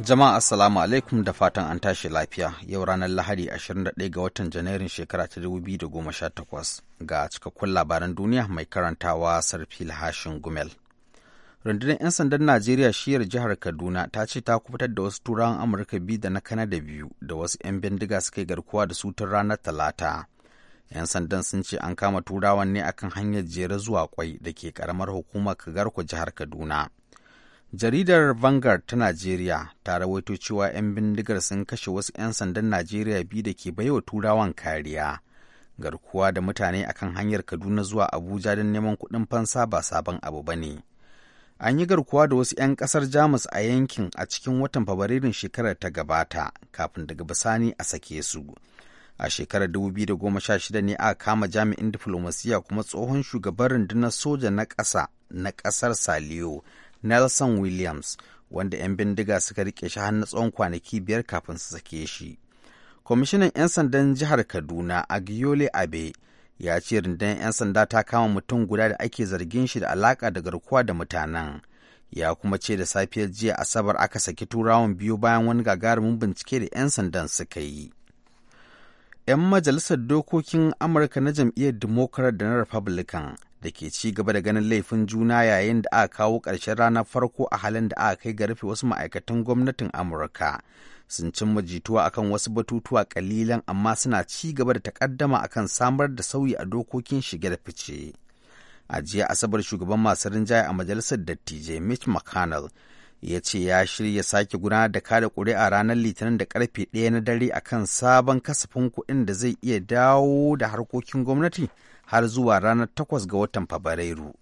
Jama'a Assalamu alaikum da fatan an tashi lafiya yau ranar Lahadi 21 ga watan Janairun shekara ta 2018 ga cikakkun labaran duniya mai karantawa Sarfil Hashin Gumel. Rundunar 'yan sandan Najeriya shiyar jihar Kaduna ta ce ta kubutar da wasu turawan Amurka biyu da na Kanada biyu da wasu 'yan bindiga suka yi garkuwa da su tun ranar Talata. 'Yan sandan sun ce an kama turawan ne akan hanyar jere zuwa kwai da ke karamar hukumar Kagarko jihar Kaduna. Jaridar Vanguard ta Najeriya ta rawaito cewa 'yan bindigar sun kashe wasu 'yan sandan Najeriya biyu da ke baiwa turawan kariya. Garkuwa da mutane a kan hanyar Kaduna zuwa Abuja don neman kuɗin fansa ba sabon abu ba ne. An yi garkuwa da wasu 'yan ƙasar Jamus a yankin a cikin watan Fabrairun shekarar ta gabata kafin daga bisani a sake su. A shekarar 2016 ne aka kama jami'in diflomasiya kuma tsohon shugaban rundunar soja na ƙasa na ƙasar Saliyo Nelson Williams, wanda 'yan bindiga suka rike shi hannu na tsawon kwanaki biyar kafin su sake shi. Kwamishinan 'yan sandan jihar Kaduna, Agiole Abe, ya ce rundunar 'yan sanda ta kama mutum guda da ake zargin shi da alaka da garkuwa da mutanen. Ya kuma ce da safiyar jiya Asabar aka saki turawan biyu bayan wani gagarumin bincike da 'yan sandan suka yi. 'Yan majalisar dokokin Amurka na jam'iyyar Democrat da na Republican da ke ci gaba da ganin laifin juna yayin da aka kawo ƙarshen ranar farko a halin da aka kai ga rufe wasu ma'aikatan gwamnatin Amurka. Sun cimma jituwa akan wasu batutuwa kalilan amma suna ci gaba da takaddama akan samar da sauyi a dokokin shige da fice. A jiya Asabar shugaban masu rinjaye a majalisar dattijai Mitch McConnell ya ce ya shirya sake gudanar da kada ƙuri'a ranar litinin da karfe ɗaya na dare akan sabon kasafin kuɗin da zai iya dawo da harkokin gwamnati har zuwa ranar 8 ga watan Fabrairu.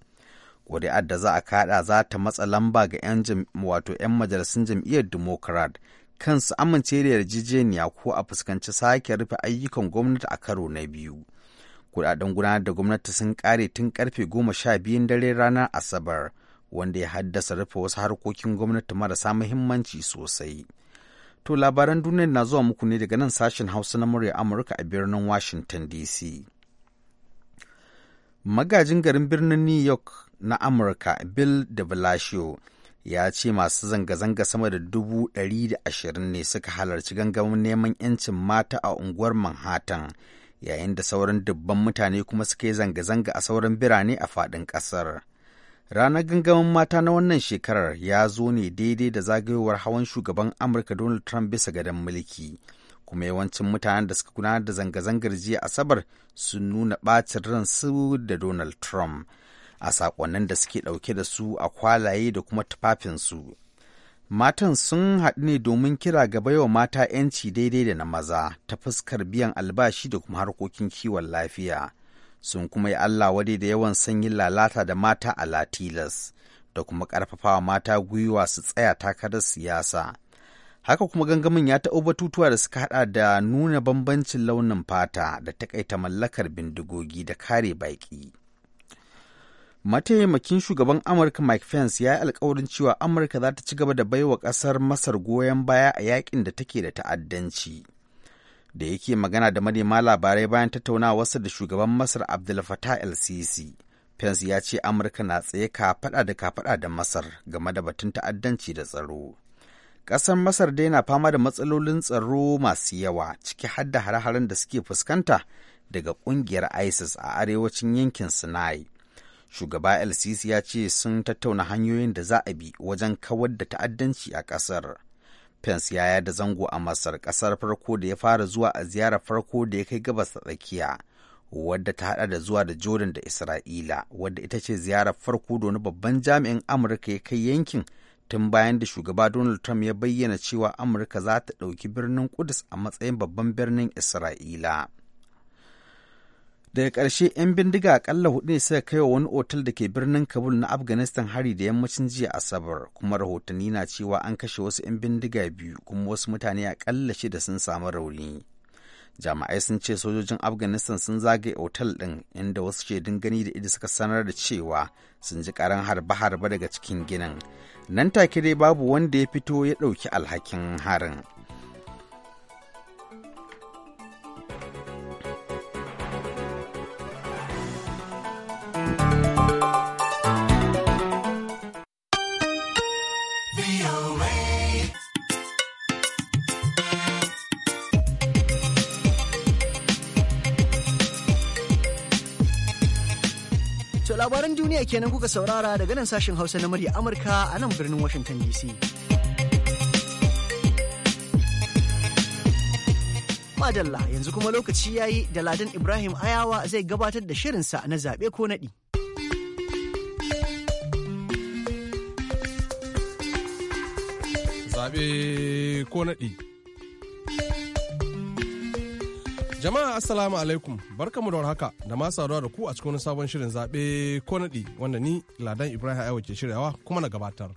Ƙuri'ar da za a kaɗa za ta matsa lamba ga 'yan wato 'yan majalisun jam'iyyar Democrat kan su amince da yarjejeniya ko a fuskanci sake rufe ayyukan gwamnati a karo na biyu. Kuɗaɗen gudanar da gwamnati sun ƙare tun karfe goma sha biyun dare ranar Asabar, wanda ya haddasa rufe wasu harkokin gwamnati marasa muhimmanci sosai. To labaran duniyar na zuwa muku ne daga nan sashen Hausa na murya Amurka a birnin Washington DC. magajin garin birnin new york na amurka bill de blasio ya ce masu zanga-zanga sama da dubu ɗari da ashirin ne suka halarci gangamin neman 'yancin mata a unguwar manhattan yayin da sauran dubban mutane kuma suka yi zanga-zanga a sauran birane a faɗin ƙasar ranar gangamin mata na wannan shekarar ya zo ne daidai da zagayowar hawan shugaban amurka donald trump bisa gadon mulki kuma yawancin mutanen da suka gudanar da zanga-zangar jiya asabar sun nuna ɓacin ransu da donald trump a saƙonnin da suke ɗauke da su a kwalaye da kuma tufafinsu matan sun haɗu ne domin kira gaba baiwa mata 'yanci daidai da na maza ta fuskar biyan albashi da kuma harkokin kiwon lafiya sun kuma yi allah wadai da yawan sanyin lalata da mata a latilas da kuma ƙarfafawa mata gwiwa su tsaya takarar siyasa Haka kuma gangamin ya taɓo batutuwa da suka haɗa da nuna bambancin launin fata da takaita mallakar bindigogi da kare baƙi. Mataimakin shugaban Amurka Mike Pence ya yi alkawarin cewa Amurka za ta ci gaba da baiwa ƙasar Masar goyon baya a yakin da take da ta'addanci. Da yake magana da manema labarai bayan tattaunawarsa da shugaban Masar abdul Fattah el-Sisi. Pence ya ce Amurka na tsaye kafaɗa da kafaɗa da Masar game da batun ta'addanci da tsaro. Ƙasar Masar dai na fama da matsalolin tsaro masu yawa ciki har da hare-haren da suke fuskanta daga ƙungiyar ISIS a arewacin yankin Sinai. Shugaba lcc ya ce sun tattauna hanyoyin da za a bi wajen kawar da ta'addanci a ƙasar. Pence ya yada zango a Masar ƙasar farko da ya fara zuwa a ziyarar farko da ya kai gabas ta tsakiya. wadda ta hada da zuwa da Jordan da Isra'ila, wadda ita ce ziyarar farko da wani babban jami'in Amurka ya kai yankin tun bayan da shugaba Donald Trump ya bayyana cewa Amurka za ta ɗauki birnin Kudus a matsayin babban birnin Isra'ila. Daga ƙarshe 'yan bindiga aƙalla hudu ne suka kai wa wani otal da ke birnin Kabul na Afghanistan hari da yammacin jiya Asabar, kuma rahotanni na cewa an kashe wasu 'yan bindiga biyu kuma wasu mutane aƙalla shida sun samu rauni. jama'ai sun ce sojojin Afghanistan sun zagaye otal ɗin inda wasu shaidun gani da idi suka sanar da cewa sun ji karan harbe-harbe daga cikin ginin. Nan take dai babu wanda ya fito ya ɗauki alhakin harin. Duniya kenan kuka saurara daga nan sashen Hausa na murya Amurka a nan birnin Washington DC. Madalla yanzu kuma lokaci yayi da Ladan Ibrahim Ayawa zai gabatar da shirinsa na zaɓe ko naɗi. Zaɓe ko naɗi. Jama'a Assalamu alaikum barkamu da haka da ma saduwa da ku a cikin wani sabon shirin zaɓe ko naɗi wanda ni Ladan Ibrahim Aiwa ke shiryawa kuma na gabatar.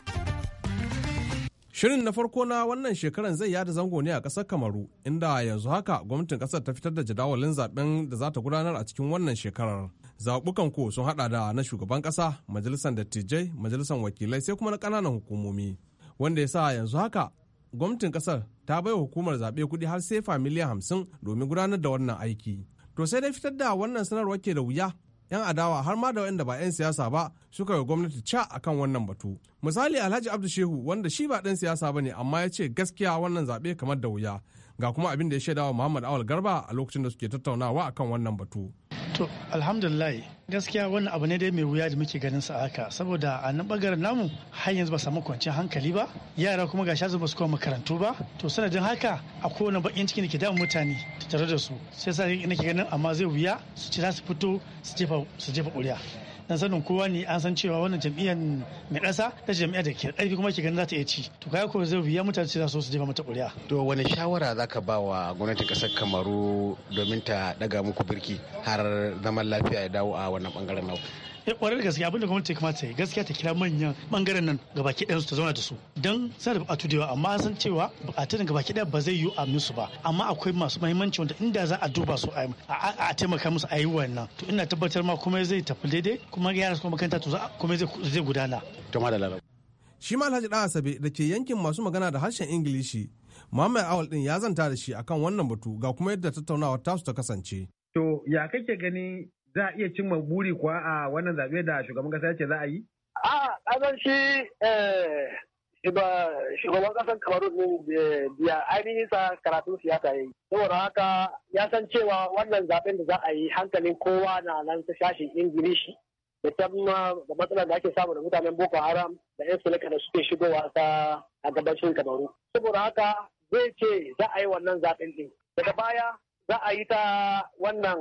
Shirin na farko na wannan shekaran zai yada zango ne a ƙasar Kamaru inda yanzu haka gwamnatin ƙasar ta fitar da jadawalin zaɓen da za ta gudanar a cikin wannan shekarar. zabukan ko sun haɗa da na shugaban ƙasa, majalisar dattijai, majalisar wakilai sai kuma na ƙananan hukumomi. Wanda ya sa yanzu haka gwamnatin kasar ta bai hukumar zaɓe kuɗi har sefa miliyan hamsin domin gudanar da wannan aiki to sai dai fitar da wannan sanarwar ke da wuya 'yan adawa har ma da waɗanda ba 'yan siyasa ba suka yi gwamnati ca akan wannan batu misali alhaji abdu shehu wanda shi ba ɗan siyasa ba ne amma ya ce gaskiya wannan zaɓe kamar da wuya ga kuma abin da ya shaidawa muhammad awal garba a lokacin da suke tattaunawa akan wannan batu To, alhamdulillah gaskiya wannan abu ne dai mai wuya da muke ganin sa haka saboda a nan bagar namu har yanzu ba samu kwanciyar hankali ba yara kuma ga shazu ba su koma makarantu ba to sanadin haka a kowane bakin ciki da ke damun mutane tare da su sai sa nake ganin amma zai wuya su ci za su fito su jefa su dan sanin kowa ne an san cewa wannan jam'iyyar mai ƙasa ta jam'iyyar da ke ƙarfi kuma ke ganin za ta iya ci to kai ko zai biya mutane su so su jefa mata ƙuri'a to wani shawara za ka ba wa gwamnatin ƙasar Kamaru domin ta daga muku birki har zaman lafiya ya dawo a wannan bangaren naku ya eh, kwarar da gaskiya abinda gwamnati kamata ya gaskiya ta kira manyan bangaren nan gabaki su ta zauna da su don suna da buƙatu da yawa amma an san cewa bukatun gabaki ɗaya ba zai yiwu a musu ba amma akwai masu mahimmanci wanda inda za a duba su a taimaka musu a yi wannan to ina tabbatar ma kuma zai tafi daidai kuma yara su makaranta to kuma zai gudana. Shi ma Alhaji Ɗan Asabe da ke yankin masu magana da harshen Ingilishi mamman Awal din ya zanta da shi akan wannan batu ga kuma yadda tattaunawar tasu ta kasance. To ya kake gani za a iya cimma buri kuwa a wannan zaɓe da shugaban ƙasa ya za a yi? A ƙasar shi eh, shugaban ƙasar Kamaru ne biya eh, ainihin sa karatun siyasa ya yi. Saboda haka ya san cewa wannan zaɓen da za a yi hankalin kowa na nan ta shashin Ingilishi. musamman da matsalar da ake samu da mutanen Boko Haram da 'yan sulaka da suke shigowa ta a gabashin Kamaru. Saboda haka zai ce za a yi wannan zaɓen ɗin. Daga baya za a yi ta wannan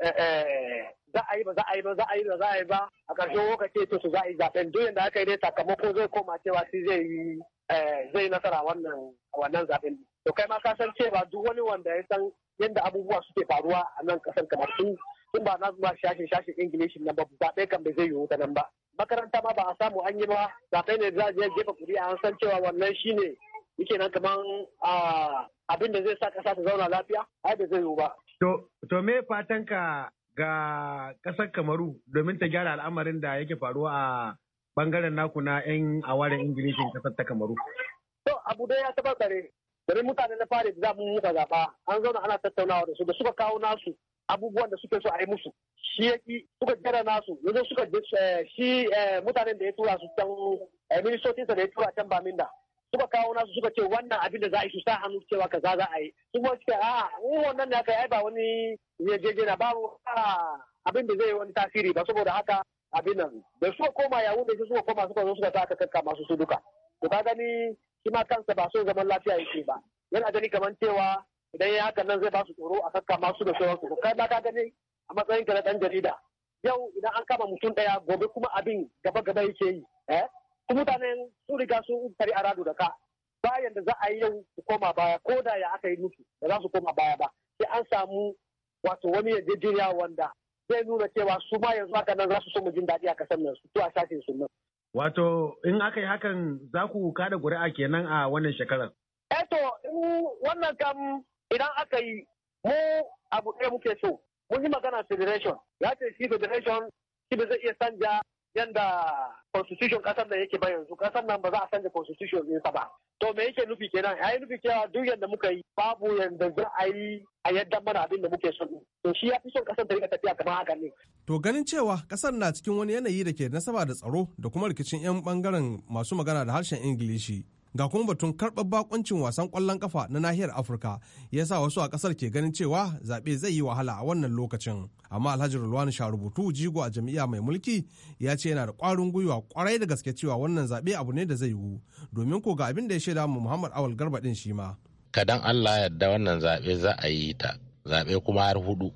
Eh, eh, za a yi ba za a yi ba za a yi ba za a yi ba a ƙarshen lokaci to su za a yi zaɓen duk yadda aka yi dai sakamako zai koma cewa shi zai yi eh, zai nasara wannan wannan zaɓen to kai ma ka san cewa duk wani wanda ya san yadda abubuwa suke faruwa a nan ƙasar kamar su tun ba na zuwa shashin shashin ingilishi nan ba zaɓe kan bai zai yiwu ta nan ba makaranta ma ba a samu an yi ba zaɓe ne za a je jefa kuri'a an san cewa wannan shine yake nan kamar ah, abin da zai sa ƙasa ta zauna lafiya ai da zai yiwu ba To, me fatanka ga ƙasar Kamaru domin ta gyara al'amarin da yake faruwa a bangaren naku na 'yan awarin Ingilishin ƙasar ta Kamaru? To, abu da ya taɓa tsare, domin mutane na fari za mu muka zaɓa, an zauna ana tattaunawa da su da suka kawo nasu abubuwan da suke so a yi musu. Shi ya ƙi suka gyara nasu, yanzu suka eh, shi eh, mutanen da ya tura su can, eh, ministocinsa da ya tura can Baminda. suka kawo nasu suka ce wannan abin da za a yi su sa hannu cewa kaza za a yi su kuma a in wannan ne aka yi ba wani yarjejena ba abin da zai yi wani tasiri ba saboda haka abin nan da suka koma yawun su suka koma suka zo suka sa kakka masu su duka to ka gani shi ma kansa ba so zaman lafiya yake ba yana gani kamar cewa idan ya haka nan zai ba su tsoro a kakka masu da sauransu to kai ma ka gani a matsayin ka na dan jarida yau idan an kama mutum daya gobe kuma abin gaba gaba yake yi eh su mutanen su riga sun tari aradu da ka bayan da za a yi yau su koma baya ko da ya aka yi musu da za su koma baya ba sai an samu wato wani yarjejeniya wanda zai nuna cewa su ma yanzu haka nan za su so mu jin daɗi a kasar nan su a sashen su nan. Wato in aka yi hakan za ku kada guri'a kenan a wannan shekarar. Eto eh in wannan kam idan aka yi mu abu ɗaya muke so mun yi magana federation ya ce shi federation shi zai iya sanja yanda constitution kasar da yake ba yanzu kasar nan ba za a canza constitution ɗinsa ba to me yake nufi kenan yayi nufi cewa duk yadda muka yi babu yanda za a yi a yadda mana abin da muke so to shi ya fi son kasar ta rika tafiya kamar haka ne to ganin cewa kasar na cikin wani yanayi da ke nasaba da tsaro da kuma rikicin yan bangaren masu magana da harshen ingilishi ga kuma batun karɓar bakuncin wasan ƙwallon kafa na nahiyar afirka ya sa wasu a ƙasar ke ganin cewa zaɓe zai yi wahala a wannan lokacin amma alhaji rulwan rubutu jigo a jami'a mai mulki ya ce yana da ƙwarin gwiwa ƙwarai da gaske cewa wannan zaɓe abu ne da zai yiwu domin ko ga abin da ya shaida mu muhammad awal garba din shi ma. kadan allah yadda wannan zaɓe za a yi ta zaɓe kuma har hudu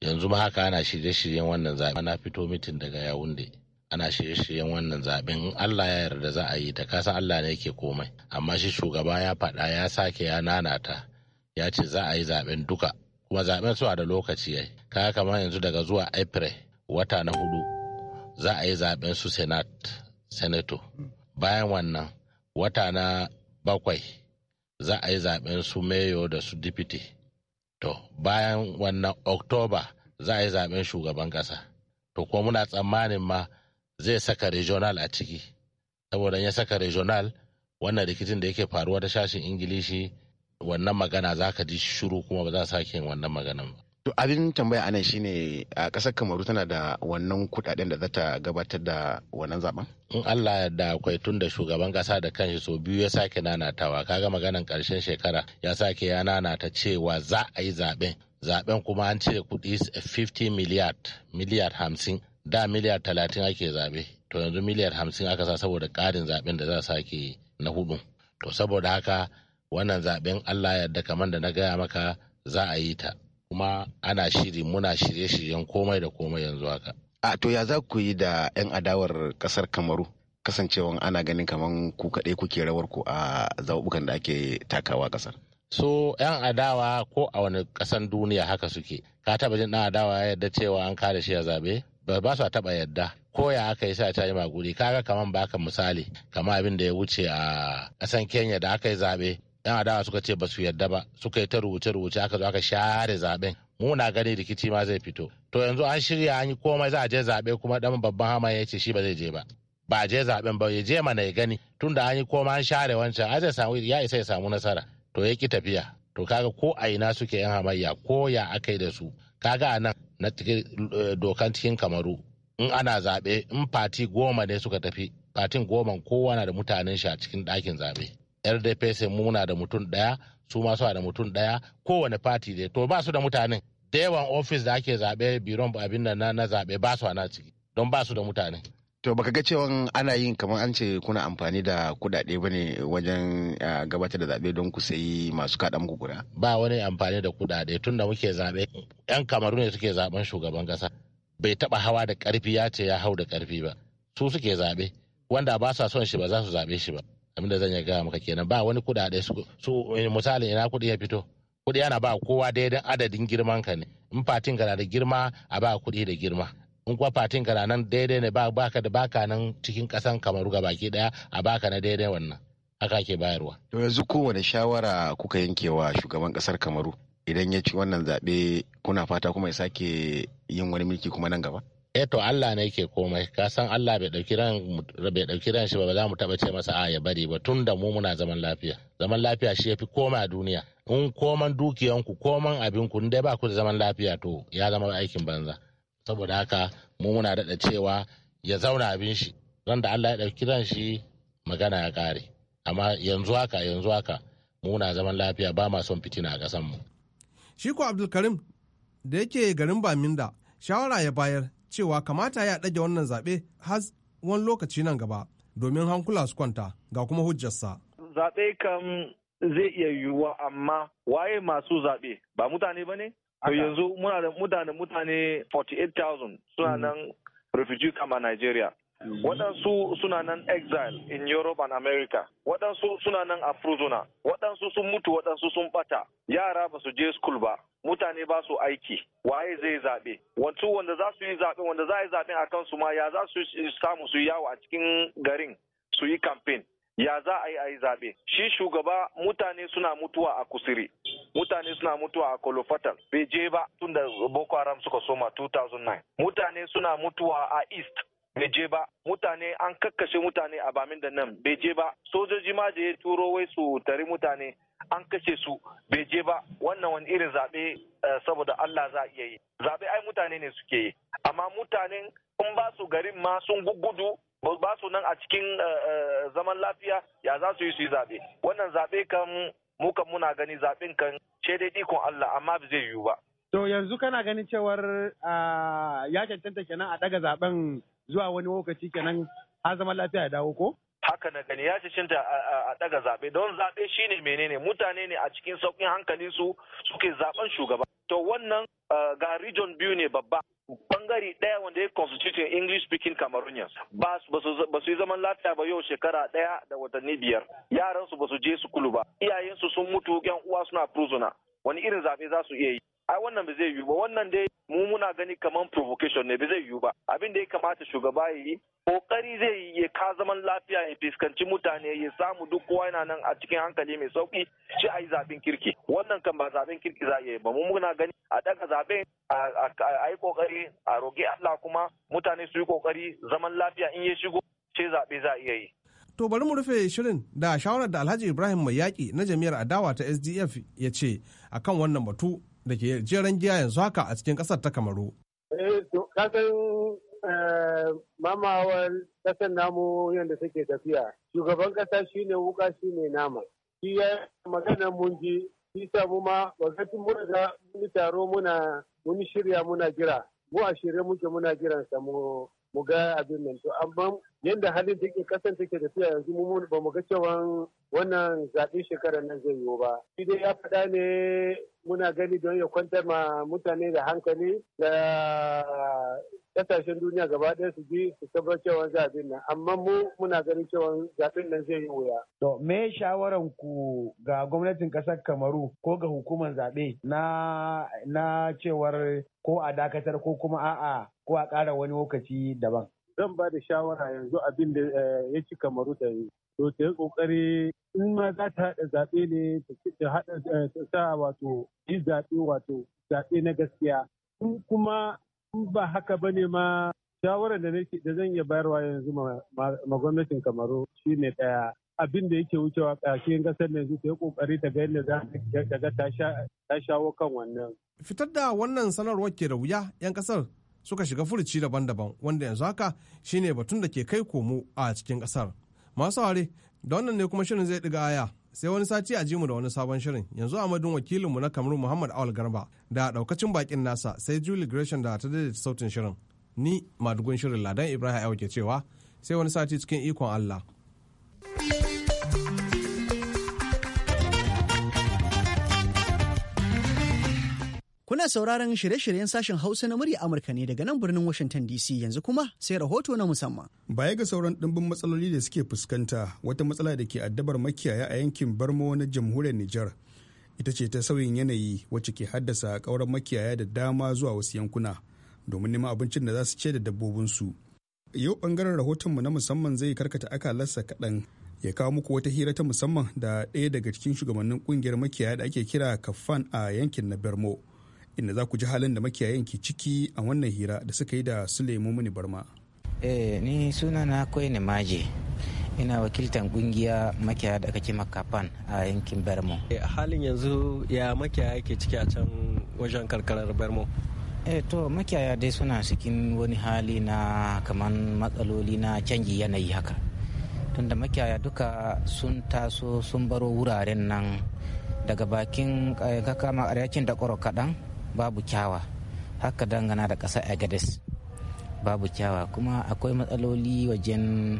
yanzu ma haka ana shirye-shiryen wannan zaɓe na fito mitin daga yawunde ana shirye-shiryen wannan zaben in Allah ya yarda za a yi ta kasan Allah ne ke komai amma shi shugaba ya faɗa ya sake ya nanata ya ce za a yi zaben duka kuma zaben suna da lokaci yi. kaya kamar yanzu daga zuwa April wata na hudu za a yi zaben su Senat, Senator bayan wannan wata na bakwai za a yi zaɓen su Mayo da su Deputy to bayan wannan October za a yi zaɓen shugaban ƙasa. to kuma muna tsammanin ma zai saka regional a ciki saboda ya saka regional wannan rikicin da yake faruwa ta shashin ingilishi wannan magana za ka ji shuru kuma ba za sake wannan maganan ba To abin tambaya anan shine a kasar Kamaru tana da wannan kudaden da zata gabatar da wannan zaben? In Allah da akwai tun da shugaban kasa da kanshi so biyu ya sake nanatawa kaga maganan karshen shekara ya sake ya nanata cewa za a yi zaben. Zaben kuma an ce kuɗi 50 miliyar miliyar hamsin da miliyar talatin ake zaɓe to yanzu miliyar hamsin aka sa saboda karin zaɓen da za a sake na hudu to saboda haka wannan zaɓen allah yadda kamar da na gaya maka za a yi ta kuma ana shiri muna shirye-shiryen komai da komai yanzu haka a to ya za ku yi da 'yan adawar ƙasar kamaru kasancewan ana ganin kamar ku kaɗai kuke rawar ku a zaɓuɓɓukan da ake takawa ƙasar so 'yan adawa ko a wani ƙasan duniya haka suke ka taɓa jin ɗan adawa ya yarda cewa an kada shi a zaɓe ba sa taɓa yadda ko ya aka yi sa ta yi maguri kaga kaman baka misali kama abin da ya wuce a kasan kenya da aka yi zaɓe yan adawa suka ce ba su yadda ba suka yi ta rubuce-rubuce aka zo aka share zaɓen mu na gani rikici ma zai fito to yanzu an shirya an yi komai za a je zaɓe kuma dan babban hama ya ce shi ba zai je ba ba je zaɓen ba ya je mana ya gani tunda an yi komai an share wancan a zai samu ya isa ya samu nasara to ya ki tafiya to kaga ko a ina suke yan hamayya ko ya aka yi da su kaga a nan na eh, dokan cikin kamaru in ana zaɓe in fati goma ne suka tafi fatin goma kowa na da mutanen shi a cikin ɗakin zaɓe sai muna da mutum ɗaya su ma suna da mutum ɗaya kowane fati dai to ba su da mutanen da yawan ofis da ake zaɓe biron abin nan na zaɓe ba su a ciki don ba su da mutane to baka ga cewa ana yin kamar an ce kuna amfani da kuɗaɗe ba ne wajen gabatar da zaɓe don ku sayi masu kada muku kura ba wani amfani da kuɗaɗe tunda muke zaɓe yan kamaru ne suke zaɓen shugaban kasa bai taba hawa da karfi ya ce ya hau da karfi ba su suke zaɓe wanda ba sa son shi ba za su zaɓe shi ba abin da zan ya gaya maka kenan ba wani kuɗaɗe su eh, misali ina kuɗi ya fito kuɗi ana ba kowa daidai adadin girman ka ne in fatin ka da girma a ba kuɗi da girma in kuwa fatin ka na nan daidai ne baka da baka nan cikin kasan kamaru ga baki daya a baka na daidai wannan haka ke bayarwa to yanzu kowane shawara kuka yankewa shugaban kasar kamaru idan ya ci wannan zaɓe kuna fata kuma ya sake yin wani mulki kuma nan gaba eh to Allah ne yake komai ka san Allah bai dauki ran bai dauki ran shi ba za mu taba ce masa a ya bari ba tunda mu muna zaman lafiya zaman lafiya shi ya fi koma a duniya in koman dukiyanku koman abinku in dai ba ku da zaman lafiya to ya zama aikin banza saboda haka mu muna daɗa cewa ya zauna abin shi ran da Allah ya ɗauki ran shi magana ya ƙare amma yanzu haka yanzu haka muna zaman lafiya ba ma son fitina a ƙasan mu shi Abdulkarim da yake garin Baminda shawara ya bayar cewa kamata ya ɗage wannan zaɓe har wani lokaci nan gaba domin hankula su kwanta ga kuma hujjarsa zaɓe kam zai iya yiwuwa amma waye masu zaɓe ba mutane ba ne To yanzu muna da mutane mutane 48,000 suna mm. nan refugee camp a Nigeria. Mm. Waɗansu suna nan exile in Europe and America. Waɗansu suna nan a Fruzona. Waɗansu sun mutu waɗansu sun ɓata. Yara ba su je school ba. Mutane ba su aiki. Waye zai zaɓe? Wancu wanda za su yi zaɓe wanda za yi zaɓe a kansu ma ya za su samu su yawo a cikin garin su yi campaign. ya za a yi a yi zaɓe shi shugaba mutane suna mutuwa a kusiri mutane suna mutuwa a kolofatal bai je ba tun da boko haram suka soma 2009 mutane suna mutuwa a east bai je ba mutane an kakkashe mutane a bamin da nan bai je ba sojoji ma da ya turo wai su tari mutane an kashe su bai je ba wannan wani irin zaɓe eh, saboda Allah za a iya yi zaɓe ai mutane ne suke yi amma mutanen in ba su garin ma sun gugudu ba su nan a cikin eh, eh, zaman lafiya ya za su yi su yi zaɓe wannan zaɓe kan mu kan muna gani zaɓen kan ce dai ikon Allah amma ba zai yiwu ba. To yanzu kana ganin cewar ya cancanta kenan a ɗaga zaɓen zuwa wani lokaci kenan har zaman lafiya ya dawo ko? haka na gani ya cancanta a daga zaɓe don zaɓe shine menene mutane ne a cikin sauƙin hankalin su suke zaɓen shugaba to wannan eh, ga region biyu ne babba bangare ɗaya wanda ya constituting English speaking Cameroonians ba su yi zaman lafiya ba yau shekara ɗaya da watanni biyar yaran su ba su je su kulu ba iyayen su sun mutu yan uwa suna prisoner wani irin zabe za su iya yi ai wannan ba zai yiwu ba wannan dai mu muna gani kamar provocation ne ba zai yiwu ba abin da ya kamata shugaba ya yi kokari zai yi ya ka zaman lafiya ya fuskanci mutane ya samu duk kowa yana nan a cikin hankali mai sauki shi a yi zaben kirki wannan kan ba zaben kirki za a yi ba mu muna gani a daga zaben a yi kokari a roƙi Allah kuma mutane su yi kokari zaman lafiya in ya shigo ce zaɓe za a iya yi. To bari mu rufe shirin da shawarar da Alhaji Ibrahim Mai Yaƙi na jami'ar adawa ta SDF ya ce akan wannan batu da ke jeren giya yanzu haka a cikin ƙasar ta kamaru. Eh, kasan eh, mamawar kasan namu yadda suke tafiya shugaban ƙasa ne wuka ne nama shi ya magana mun ji shi samu ma wakati mun riga mun taro muna mun shirya muna jira mu a shirye muke muna jiran sa mu mu ga abin nan to amma yadda halin take kasar take tafiya yanzu mu ba mu ga cewa wannan zaɓen shekarar nan zai yiwu ba. Shi dai ya faɗa ne muna gani don ya kwantar ma mutane da hankali da ƙasashen duniya gaba ɗaya su ji su tabbatar cewa zaɓen nan amma mu muna ganin cewa zaɓen nan zai yi wuya. To me shawaran ku ga gwamnatin ƙasar Kamaru ko ga hukumar zaɓe na na cewar ko a dakatar ko kuma a'a ko a ƙara wani lokaci daban. zan ba da shawara yanzu abin da eh, ya ci kamaru da yi to ta yi kokari in ma za ta haɗa zaɓe ne ta haɗa eh, sa wato yi zaɓe wato zaɓe na gaskiya in kuma in ba haka ba ne ma shawarar da nake da zan iya bayarwa yanzu ma gwamnatin kamaru shine ɗaya abin da yake wucewa ƙarshen ƙasar yanzu ta yi kokari ta ga yadda za ta shawo kan wannan. Fitar da wannan sanarwar ke da wuya 'yan ƙasar? suka shiga furuci daban-daban wanda yanzu haka shine batun da ke kai komo a cikin kasar masu ware da wannan ne kuma shirin zai ɗiga aya sai wani sati a jimu da wani sabon shirin yanzu a madun wakilinmu na kamaru muhammad awal garba da daukacin bakin nasa sai julie gresham da ta daidaita sautin shirin ni madugun shirin ladan ibrahim ke cewa sai wani sati cikin ikon allah. Ana sauraron shirye-shiryen sashen Hausa na murya Amurka ne daga nan birnin Washington DC yanzu kuma sai rahoto na musamman. Baya ga sauran ɗimbin matsaloli da suke fuskanta wata matsala da ke addabar makiyaya a yankin Barmo na jamhuriyar Nijar. Ita ce ta sauyin yanayi wacce ke haddasa ƙauran makiyaya da dama zuwa wasu yankuna domin neman abincin da za su ce da dabbobinsu. Yau ɓangaren rahotonmu na musamman zai karkata akalarsa kaɗan ya kawo muku wata hira ta musamman da ɗaya daga cikin shugabannin ƙungiyar makiyaya da ake kira kafan a yankin na Bermo. inda za ku ji halin da makiyayan ke ciki a wannan hira da suka yi da Suleiman Muni Barma. Eh, ni suna na kai ne maje. ina wakiltan kungiya makiyaya da kake makafan a yankin bermo eh, a halin yanzu ya makiyaya yake ciki a can wajen karkarar bermo eh to makiyaya dai suna cikin wani hali na kaman matsaloli na canji yanayi haka tunda makiyaya duka sun taso sun baro wuraren nan daga bakin eh, kakama aryakin da koro kaɗan babu kyawa haka dangana da ƙasar agades babu kyawa kuma akwai matsaloli wajen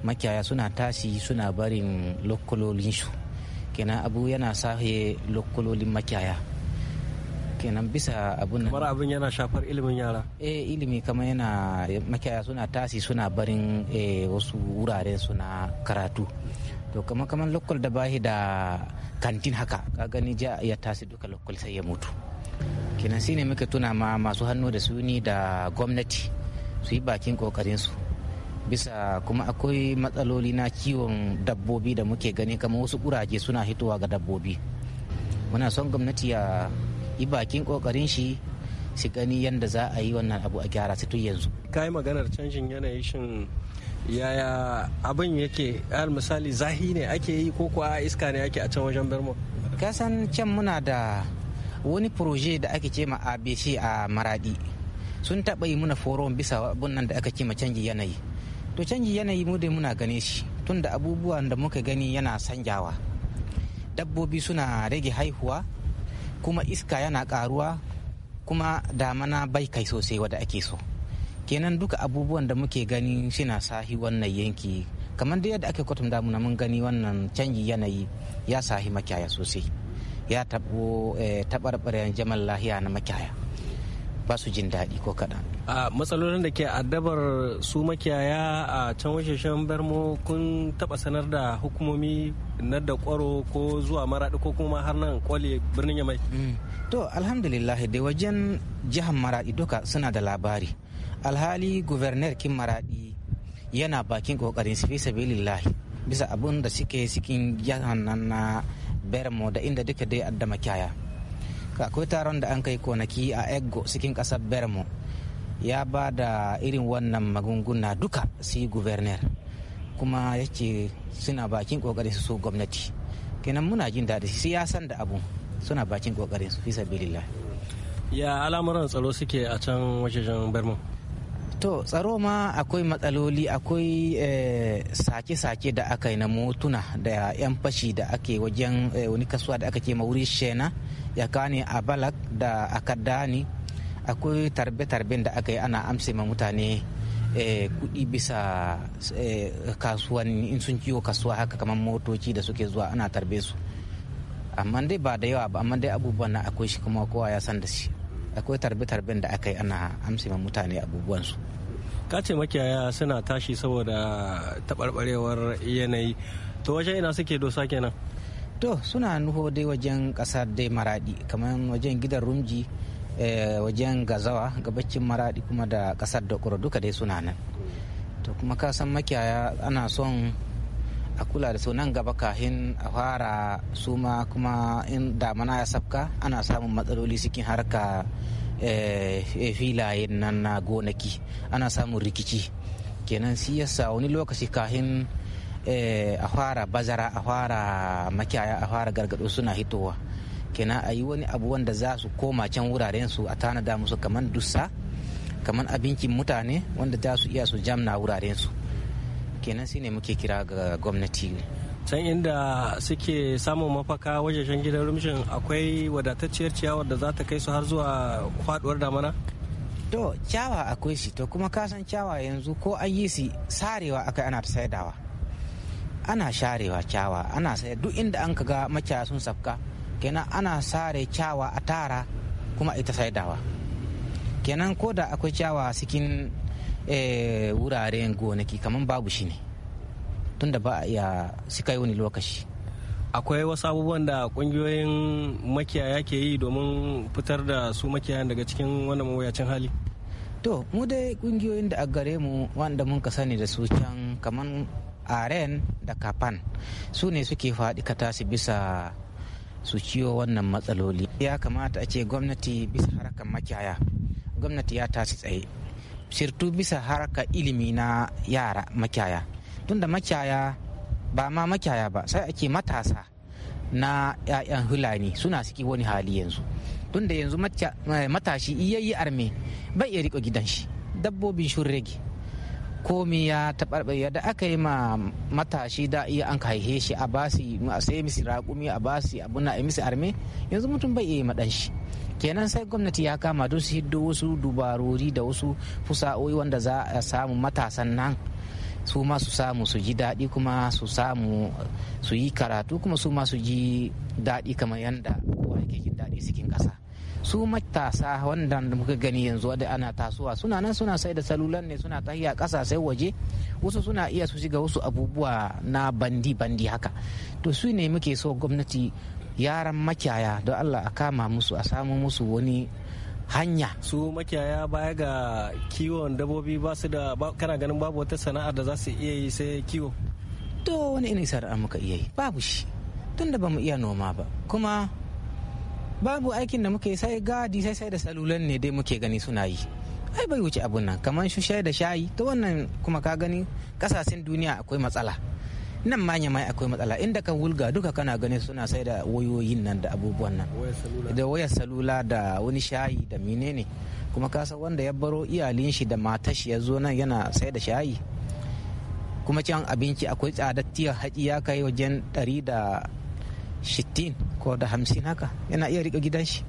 makiyaya suna tashi suna barin lokololinsu kenan abu yana sahe lokololin makiyaya kenan bisa abun nan abun yana shafar ilimin yara eh ilimi kama yana makiyaya suna tashi suna barin eh, wasu wurare suna karatu to kama kamar lokal da bahi da kantin haka ka gani ja ya tasi duka lokal sai ya mutu kenan shi ne muka tuna ma masu hannu da suni da gwamnati su yi bakin kokarinsu bisa kuma akwai matsaloli na kiwon dabbobi da muke gani kamar wasu kuraje suna hitowa ga dabbobi muna son gwamnati ya yi bakin kokarin shi su gani yadda za a yi wannan abu a gyara su tun yanzu ka yi maganar canjin yanayi shin yaya abin yake al misali zahi ne ake yi ko kuwa iska ne ake a can wajen bermo ka san can muna da wani proje da ake ce ma abc a maradi sun taɓa yi muna forum bisa abun da aka ce ma canji yanayi to canji yanayi mu dai muna gane shi tun da abubuwan da muka gani yana sanjawa dabbobi suna rage haihuwa kuma iska yana karuwa kuma damana bai kai sosai wada ake so kenan duka abubuwan da muke gani suna sahi wannan yanki kamar da yadda ake kwatanta muna mun gani wannan canji yanayi ya sahi makiyaya sosai ya tabo eh, taɓarɓaren jaman lahiya na makiyaya ba su jin daɗi ko kaɗan. a matsalolin da ke addabar su makiyaya a can washeshen bermo kun taɓa sanar da hukumomi na da kwaro ko zuwa maraɗi ko kuma har nan kwale birnin yamai mm. to alhamdulillah da wajen jihar maraɗi duka suna da labari alhali guverner kin maraɗi yana bakin kokarin su fi sabilillahi bisa abin da suke cikin jihar nan na mu da inda duka dai adda makiyaya akwai taron da an kai konaki a eggo cikin kasar bermo ya ba da irin wannan magunguna duka su yi guverner kuma yake suna bakin kokarin su so gwamnati kenan muna jin daɗi siyasan da abu suna bakin kokarin su fi sabilillah ya al'amuran tsaro suke a can wajejen bermo to tsaro ma akwai matsaloli akwai eh, sake-sake da aka yi na motuna da 'yan fashi da ake wajen eh, wani kasuwa da aka ke mawuri shena ya kane a balak da akadani akwai tarbe-tarben da aka yi ana amse ma mutane eh, kudi bisa kasuwanni in sun ciwo kasuwa haka kamar motoci da suke zuwa ana tarbe su amma dai ba da yawa ba amma dai abubuwan na akwai shi kuma kowa ya san da shi akwai tarbe-tarben da aka yi ana amse ma mutane abubuwansu ka ce makiyaya suna tashi saboda taɓarɓarewar yanayi to wajen ina suke dosa kenan to suna nuho dai wajen ƙasar dai maradi kamar wajen gidan rumji eh, wajen gazawa gabacin maradi kuma da ƙasar da duka dai suna nan to kuma ka san makiyaya ana son a kula da su nan gaba kahin a fara suma kuma in damana ya sabka ana samun matsaloli cikin harka Eh, eh, filayen nan na gonaki ana samun rikici kenan siyasa wani lokaci kahin eh, a fara bazara a fara makiyaya a fara gargado suna hitowa kenan a yi wani abu wanda za su koma can wuraren su a tanada musu kamar dussa kamar abincin mutane wanda za su iya su jamna wuraren su kenan shine muke kira ga gwamnati can inda suke samun mafaka wajen gidan rumshin akwai wadatacciyar ciyawar da za ta kai su har zuwa kwaduwar damana to ciyawa akwai shi to kuma kasan ciyawa yanzu ko an yi shi sarewa akai ana saidawa ana sharewa ciyawa ana sayar duk inda an ga maciya sun safka kenan ana sare ciyawa a tara kuma ita saidawa kenan ko da akwai ciyawa cikin Eh, wuraren gonaki kamar babu shi ne tunda ba a iya su kai wani lokaci akwai wasu abubuwan da kungiyoyin makiyaya ke yi domin fitar da su makiyayan daga cikin wannan mawuyacin hali to mu dai kungiyoyin da a gare mu wanda mun ka sani da su can kamar aren da kapan su ne suke faɗi ka tasi bisa su ciwo wannan matsaloli ya kamata a ce gwamnati bisa harakan makiyaya gwamnati ya tasi tsaye sirtu bisa harka ilimi na yara makiyaya tunda makiyaya ba ma makiyaya ba sai ake matasa na 'ya'yan hulani suna siki wani hali yanzu tunda yanzu eh, matashi iya yi arme bai iya riko gidan shi dabbobin shun rage komi ya taɓarɓare da aka yi ma matashi da iya an haihe shi a basi sai misi raƙumi a basi abuna a misi arme yanzu mutum bai iya maɗan shi kenan sai gwamnati ya kama don su hiddo wasu dubarori da wasu fusa'o'i wanda za a samu matasan nan su ma su samu su ji daɗi kuma su samu su yi karatu kuma su ma su ji daɗi kamar yadda kowa yake jin daɗi cikin ƙasa su matasa wanda muka gani yanzu da ana tasowa suna nan suna sai da salulan ne suna tahiya sai waje wasu suna iya su shiga wasu abubuwa na bandi bandi haka to su ne muke so gwamnati yaran makiyaya don allah a kama musu a samu musu wani hanya su makiyaya baya ga kiwon dabobi ba su da kana ganin babu wata sana'a da za su iya yi sai kiwo to wani irin sana'a muka iya yi babu shi tun da ba iya noma ba kuma babu aikin da muke sai gadi sai sai da salulan ne dai muke gani suna yi ai bai wuce abun nan kamar shushe da shayi to wannan kuma ka gani kasashen duniya akwai matsala nan ma mai akwai matsala inda kan wulga duka kana gani suna sai da wayoyin nan da abubuwan nan da wayar salula da wani shayi da menene kuma kasa wanda ya baro iyalin shi da matar shi ya zo nan yana sai da shayi kuma can abinci akwai tsadattiya haƙi ya kai wajen ɗari da shittin ko da hamsin haka yana iya riƙe gidan shi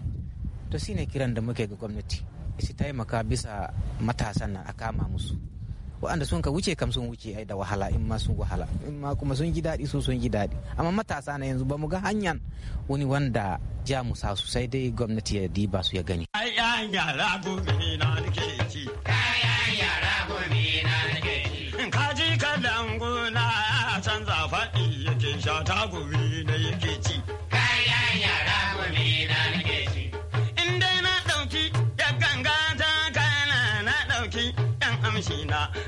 to shine kiran da muke ga gwamnati ita taimaka bisa matasan nan a kama musu waɗanda sun ka wuce kam sun wuce ai da wahala in ma sun wahala in ma kuma sun ji daɗi su sun ji daɗi amma matasa na yanzu ba mu ga hanyar wani wanda ja mu dai gwamnati ya diba su ya gani. Ai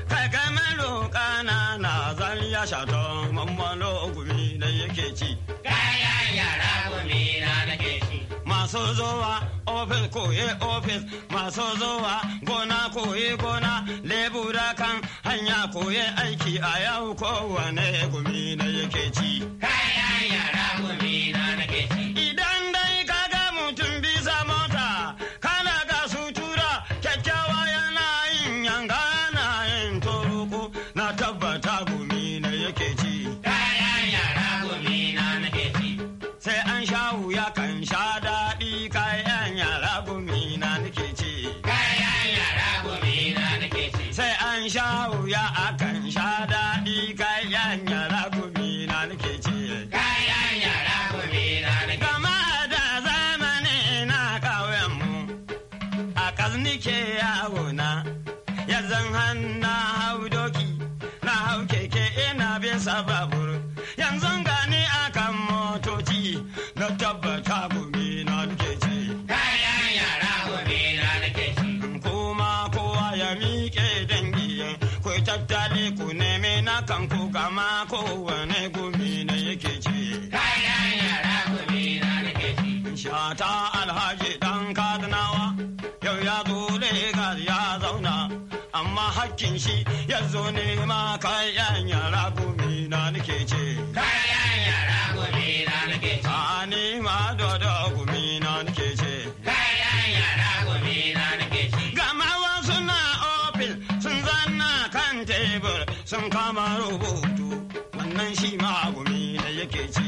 kaga maro kana na zan ya shato mammalo gumi da yake ci kaya yara gumi na nake ci masu zowa ofis koye ofis masu zowa gona koye gona lebura kan hanya koye aiki a yau kowane gumi na yake ci kaya yara gumi na nake kowane gumi na yake ci. Kayan gumi na nake Shata alhaji dan kadinawa yau ya zo Legas ya zauna amma hakkin shi ya zo nema kayan yara gumi na nake ci. Kayan yara gumi na nake ci. A nema dodo gumi na nake ci. Kayan yara gumi na nake ci. Gamawa suna ofil sun zanna kan tebur sun kama rubutu. shi ma gumi ne yake ci